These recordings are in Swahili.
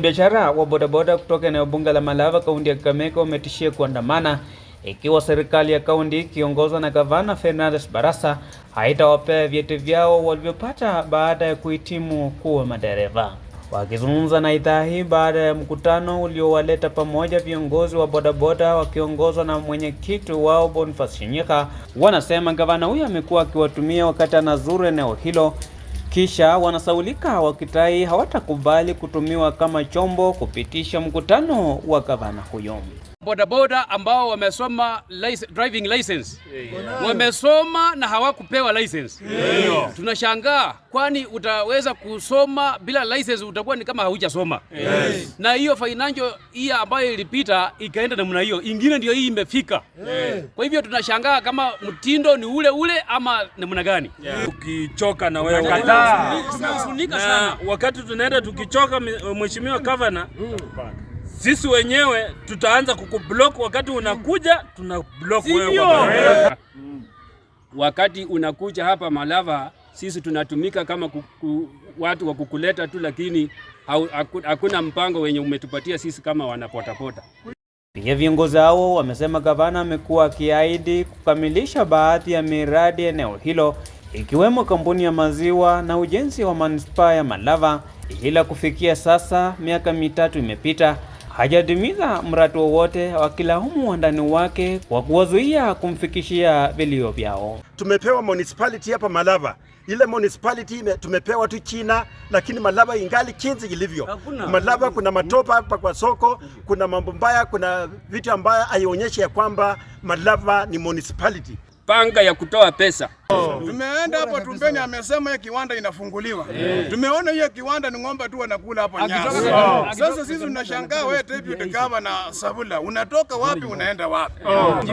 Biashara wa bodaboda kutoka eneo bunge la Malava kaunti ya Kakamega wametishia kuandamana ikiwa serikali ya kaunti ikiongozwa na gavana Fernandes Barasa haitawapea vyeti vyao walivyopata baada ya kuhitimu kuwa madereva. Wakizungumza na idhaa hii baada ya mkutano uliowaleta pamoja viongozi wa bodaboda wakiongozwa na mwenyekiti wao Boniface Shinyika, wanasema gavana huyo amekuwa akiwatumia wakati anazuru eneo hilo kisha wanasaulika wakitai hawatakubali kutumiwa kama chombo kupitisha mkutano wa gavana huyo bodaboda ambao wamesoma license, driving license yeah. Wamesoma na hawakupewa license yeah. Tunashangaa, kwani utaweza kusoma bila license? Utakuwa ni kama haujasoma yes. Na hiyo financial hii ambayo ilipita ikaenda namna hiyo, ingine ndio hii imefika yeah. Kwa hivyo tunashangaa kama mtindo ni ule ule ama namna gani yeah. Ukichoka na wewe sana, wakati tunaenda tukichoka, mheshimiwa governor mm sisi wenyewe tutaanza kukublock wakati unakuja, block wewe wakati unakuja hapa Malava. Sisi tunatumika kama kuku, watu wa kukuleta tu, lakini hakuna mpango wenye umetupatia sisi kama wanapotapota. Pia viongozi hao wamesema gavana amekuwa akiahidi kukamilisha baadhi ya miradi eneo hilo ikiwemo kampuni ya maziwa na ujenzi wa manispaa ya Malava, ila kufikia sasa miaka mitatu imepita hajatimiza mradi wowote wakilaumu wandani wake kwa kuwazuia kumfikishia vilio vyao. Tumepewa municipality hapa Malava, ile municipality tumepewa tu China, lakini Malava ingali chinzi ilivyo. Malava kuna matopa hapa kwa soko, kuna mambo mbaya, kuna vitu ambayo haionyeshi ya kwamba Malava ni municipality. Panga ya kutoa pesa Tumeenda hapo Tumbeni, amesema hiyo kiwanda inafunguliwa. Tumeona hiyo kiwanda ni ng'ombe tu wanakula hapo nyasi. Sasa sisi tunashangaa, wewe deputy governor Sabula unatoka wapi unaenda wapi? Oh,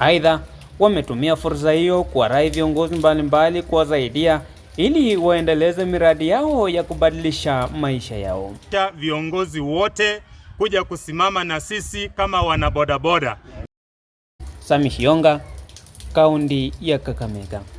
Aidha, wametumia fursa hiyo kuwarai viongozi mbalimbali kuwasaidia ili waendeleze miradi yao ya kubadilisha maisha yao. Viongozi wote kuja kusimama na sisi kama wanabodaboda. Sami Hionga, kaunti ya Kakamega.